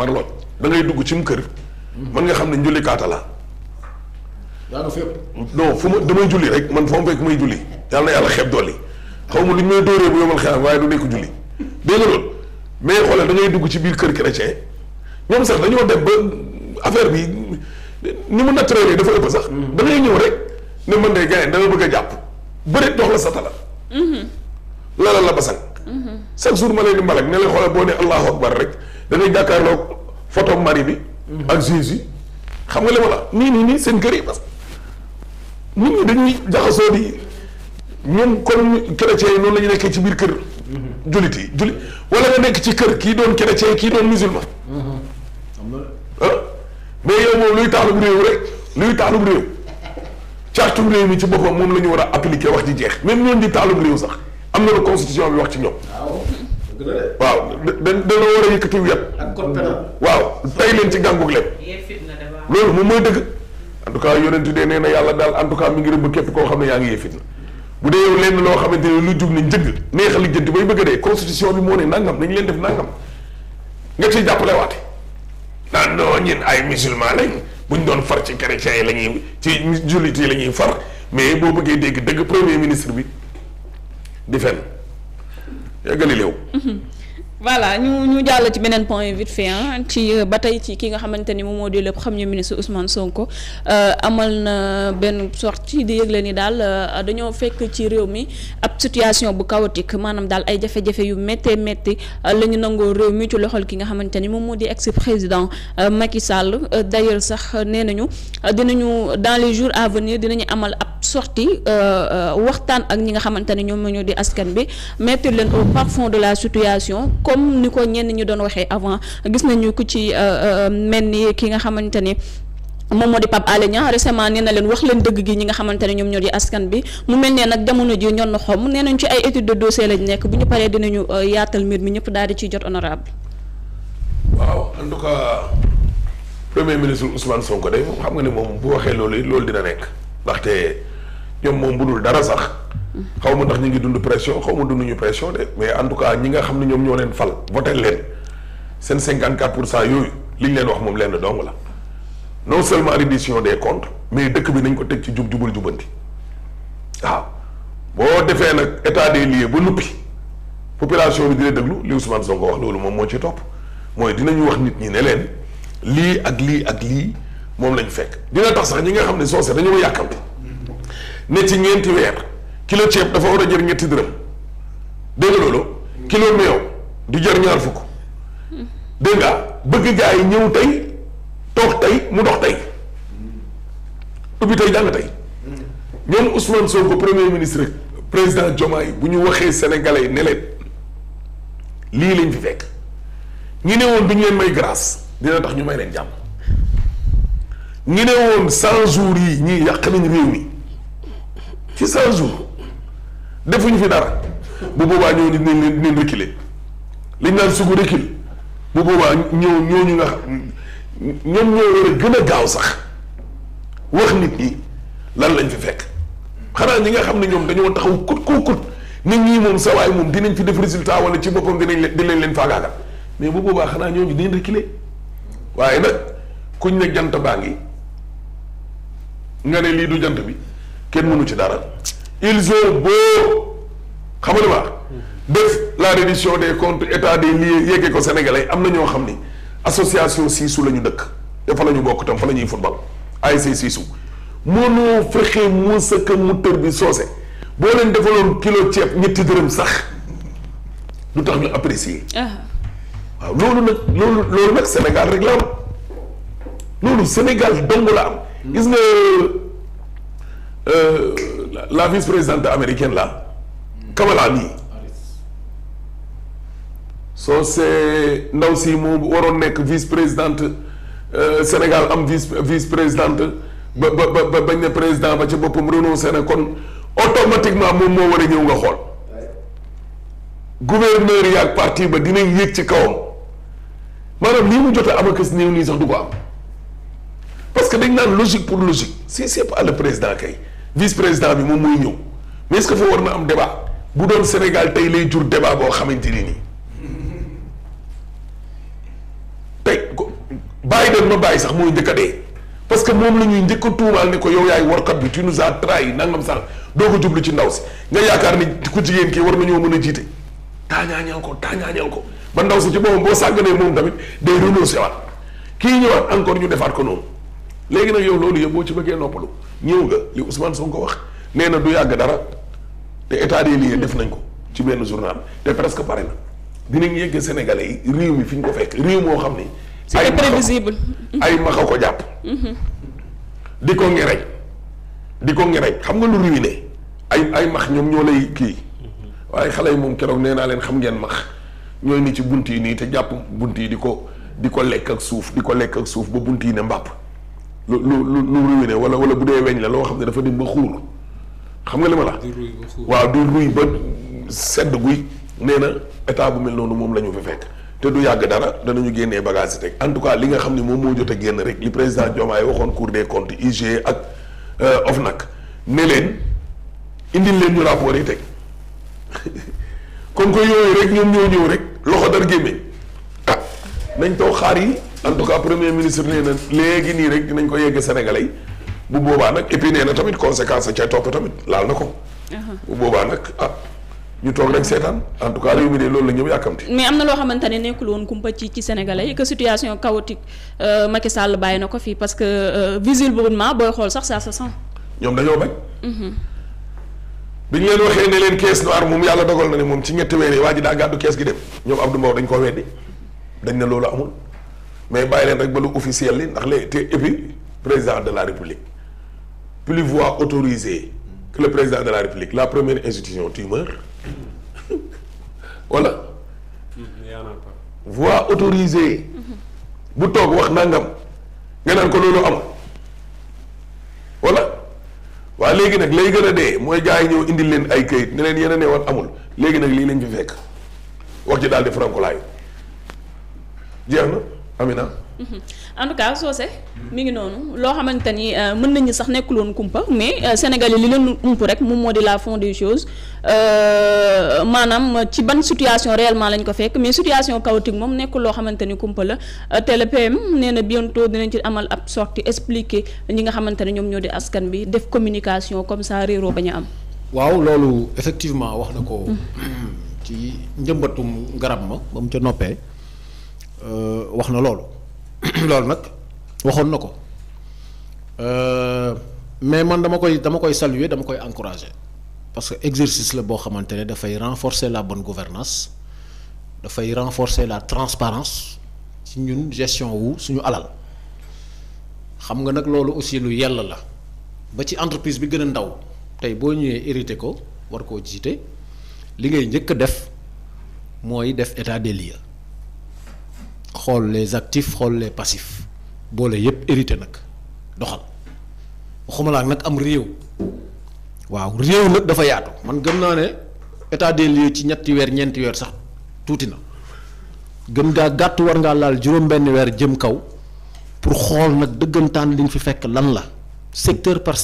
marlooj da ngay dugg cim kër. mën nga xam ne njulli kaata la. daanaka fépp. non fu ma damay julli rek man fa mu fekk may julli yàlla na yàlla xeeb doole xaw ma lu ñu may dóoree bu yomal xelam waaye du nekk julli dégg nga loolu mais xoolal da ngay dugg ci biir kër chrétien ñoom sax dañoo dem ba affaire bi ni mu naturel yi dafa ëpp sax. Mm-hmm. da ñëw rek ne man de gars yi da nga bëgg a jàpp bëri dox la satala. Mm-hmm. lalal la basang. Mm-hmm. chaque jour ma leen di mbalak ne leen xoolal boo ne allahu akbar rek. danañ jàkkaarloog photo mari bi. Mhm. ak juge yi xam nga li ma la nii nii nii seen kër yi parce que nit dañuy jaxasoo di ñun comme chrétien yi noonu la nekkee ci biir kër. Mhm. jullit yi jullit wala nga nekk ci kër kii doon chrétien kii doon musulman. Mhm. ah mais yow moom luy taalum réew rek luy taalum réew cartum réew mi ci boppam moom la ñu war a appliquer wax ji jeex même ñoom di taalum réew sax am na lu constitution bi wax ci ñoom. waaw da dañoo war a yëkkati yat waaw tay leen ci gàngug leen loolu moom mooy dëgg en tout cas yonent de nee na yàlla daal en tout cas mi ngi rëbb képp koo xam ne yaa ngi yee fitna bu dee leen loo xam ne lu jug ne njëgg neex li jënd bay bëgg a dee constitution bi moo ne nangam nañ leen def nangam nga ciy jàppale waate naan non ñun ay musulman lañ ñu doon far ci chrétiens yi la ñuy ci jullit yi la ñuy far mais boo bëggee dégg dëgg premier ministre bi di fenn yeggali léew mhm. voilà ñu ñu jàll ci beneen point vite fait ah, ci euh, ba tey ci ki nga xamante ni moom moo di le premier ministre Ousmane Sonko euh, amal na benn sortie di yëgle ni daal euh, dañoo fekk ci réew mi ab situation bu chaotique maanaam daal ay jafe-jafe yu méttee métti lañu nangoo réew mi ci loxol ki nga xamante ni moom moo di ex président Macky Sall d'ailleurs sax nee nañu dinañu dans les jours à venir dinañu amal ab. sortie euh, euh, waxtaan ak ñi nga xamante ne ñoom ñoo di askan bi mettre leen au parfond de la situation comme ni ko ñenn ñu doon waxee avant gis nañu ku ci euh, mel ni ki nga xamante ni moom moo di Pape Alé Niang récemment leen wax leen dëgg gi ñi nga xamante ne ñoom ñoo di askan bi mu mel ne nag jamono ji ñoon na xom nee nañ ci ay étude de dossier lañ nekk bu ñu paree dinañu yaatal mbir mi ñëpp daal di ciy jot honorable waaw en tout cas premier ministre Ousmane Sonko day moom moom loolu it loolu ñoom moom bu dul dara sax xaw ma ndax ñu ngi dund pression xaw ma dund ñu pression de mais en tout cas ñi nga xam ne ñoom ñoo leen fal voté leen seen 54 pour cent yooyu li ñu leen wax moom lenn dong la non seulement reddition des contre mais dëkk bi nañ ko teg ci jub jubal jubanti waaw boo defee nag état des lieux ba nuppi population bi dina déglu li Ousmane Sonko wax loolu moom moo ci topp mooy dinañu wax nit ñi ne leen lii ak lii ak lii moom lañ fekk dina tax sax ñi nga xam ne soose dañoo yàkkamti ne ci ñeenti weer kilo ceeb dafa war a jër ñetti dërëm dégg nga loolu kilo meew du jër ñaar fukk dégg nga bëgg gaa yi ñëw tey toog tey mu dox tey ubbi tey jàng tey ñoom Ousmane Sonko premier ministre rek président Diomaye bu ñu waxee sénégalais ne leen lii lañ fi fekk ñi ne woon du ñu leen may grâce dina tax ñu may leen jàmm ñi ne woon cent jours yi ñii yàq nañ réew mi ci cent jours defuñ fi dara bu boobaa ñëw dinañ leen dinañ reculer liñ naan sugu recul bu boobaa ñëw ñooñu nga xam ñoom ñoo war a gën a gaaw sax wax nit ñi lan lañ fi fekk xanaa ñi nga xam ne ñoom dañoo taxaw kut kut kut nit ñi moom sa moom dinañ fi def résultat wala ci boppam dinañ leen dinañ leen faagaagal mais bu boobaa xanaa ñooñu dinañ reculer waaye nag kuñ ne jant baa ngi nga ne lii du jant bi. kenn mënu ci dara ils ont beau xam nga baax def la reddition des comptes état des lieux yeggee ko sénégalais am na ñoo xam ni association siisu la ñu dëkk te fa la ñu bokk tam fa la ñuy football ASC siisu mënoo fexe mu sëkk mu tër bi soose boo leen defaloon kilo ceeb ñetti dërëm sax lu tax ñu apprécier. Ah. waaw loolu nag loolu loolu nag Sénégal rek la am loolu Sénégal dong la am. gis nga. euh, la vice-présidente américaine là Kamala nii soo see ndaw si moom waroon nekk vice-présidente euh, Sénégal am vice vice-présidente ba ba ba bañ ne président ba ci boppam renoncé na kon automatiquement moom moo war a ñëw nga xool gouverneur yi ak parti ba dinañ yéeg ci kawam maanaam lii mu jot a am ak nii sax du ko am. parce que dañ naan logique pour logique si c'est pas le président kay vice président bi moom mooy ñëw mais est-ce que fa war na am débat bu doon Sénégal tey lay jur débat boo xamante ni nii tey bàyyi dem ma bàyyi sax mooy njëkk dee parce que moom la ñuy njëkk a tuumaal ne ko yow yaay warkat bi tu nous as trahi nangam sax doo ko jublu ci ndaw si nga yaakaar ni ku jigéen kii war nañoo mën a jiite taañaañal ko taañaañal ko ba ndaw si ci boppam boo sàgganee moom tamit day renoncé waat kii ñëwaat encore ñu defaat ko noonu. léegi nag yow loolu yëpp boo ci bëggee noppalu ñëw nga li Ousmane Sonko wax nee du yàgg dara te état des lieux def nañ ko ci benn journal te presque pare dinañ yëgg Sénégalais yi mi fi ko fekk réew moo xam ni. ay prévisible ay maxa ko jàpp. Mhm. di ko ngerej di ko ngerej xam nga lu ruiné ay ay max ñoom ñoo kii mhm. waaye xale yi moom keroog nee naa leen xam ngeen max ñooy ni ci bunt yi nii te jàpp bunt yi di ko di ko lekk ak suuf di ko lekk ak suuf ba bunt yi ne mbàpp. lu lu lu lu ruiné wala wala bu dee weñ la loo xam ne dafa dem ba xuur xam nga li ma la. waaw di ruy ba sedd guy nee na état bu mel noonu moom la ñu fa fekk. te du yàgg dara danañu génnee bagage yi teg en tout cas li nga xam ne moom moo jot a génn rek li président Diomaye waxoon cour des comptes IG ak euh, OFNAC ne leen indil leen ñu rapport yi teg kon ko yooyu rek ñoom ñoo ñëw rek loxo dar gémmeñ ah nañ toog xaar yi. en tout cas premier ministre nee na léegi nii rek dinañ ko yegg Sénégalais yi bu boobaa nag et puis nee na tamit conséquence a topp tamit laal na ko. Uh-huh. bu boobaa nag ah. ñu toog rek seetaan en tout cas réew mi de loolu la ñëw yàkkamti mais am na loo xamante ne nekkul woon kumpa ci ci sénégalais yi que situation chaotique euh, bàyyi na ko fii parce que euh, visiblement booy xool sax ça se sent. ñoom dañoo bañ. Mm-hmm. bi ñu leen waxee ne leen caisse moom yàlla dogal na moom ci ñetti weer yi waa kees gi dem ñoom Abdou Mbow dañ koo weddi dañ ne loolu amul. mais bàyyi leen rek ba lu officiel li ndax léegi te et président de la république plus voix autorisé que le président de la république la première institution tu meurs voilà. voix autorisée. bu toog wax nangam nga naan ko loolu am walla waaw léegi nag lay gën a dee mooy gars yi ñëw indil leen ay këyit ne leen yéen a ne woon amul léegi nag lii lañ fi fekk wax ci daal di faram-kolaay jeex na. Amina. en tout cas mi ngi noonu loo xamante ni euh, mën nañu sax nekkuloon kumpa mais euh, Sénégal yi li leen ump rek moom moo di la fond des choses euh, maanaam ci ban situation réellement lañu ko fekk mais situation chaotique moom nekkul loo xamante ni kumpa la te le PM nee na dinañ ci amal ab sortie expliquer ñi nga xamante ne ñoom ñoo di askan bi def communication comme ça réeroo bañ am. waaw loolu effectivement wax na ko. Mm. ci njëmbatum garab ma ba mu Euh, wax na loolu loolu nag waxoon na ko euh, mais man dama koy dama koy saluer dama koy encourager parce que exercice la boo xamante ne dafay renforcer la bon gouvernance dafay renforcer la transparence ci ñun gestion wu suñu alal xam nga nag loolu aussi lu yàlla la ba ci entreprise bi gën a ndaw tey boo ñëwee hérité ko war koo jiite li ngay njëkk a def mooy def état des lieux xool les actifs xool les passifs boole yépp hérité nag doxal waxumala nag am réew waaw réew nag dafa yaatu man gëm naa ne état des lieux ci ñetti weer ñeenti weer sax tuuti na gën ngaa gàtt war ngaa laal juróom-benn weer jëm kaw pour xool nag dëggantaan liñ fi fekk lan la secteur par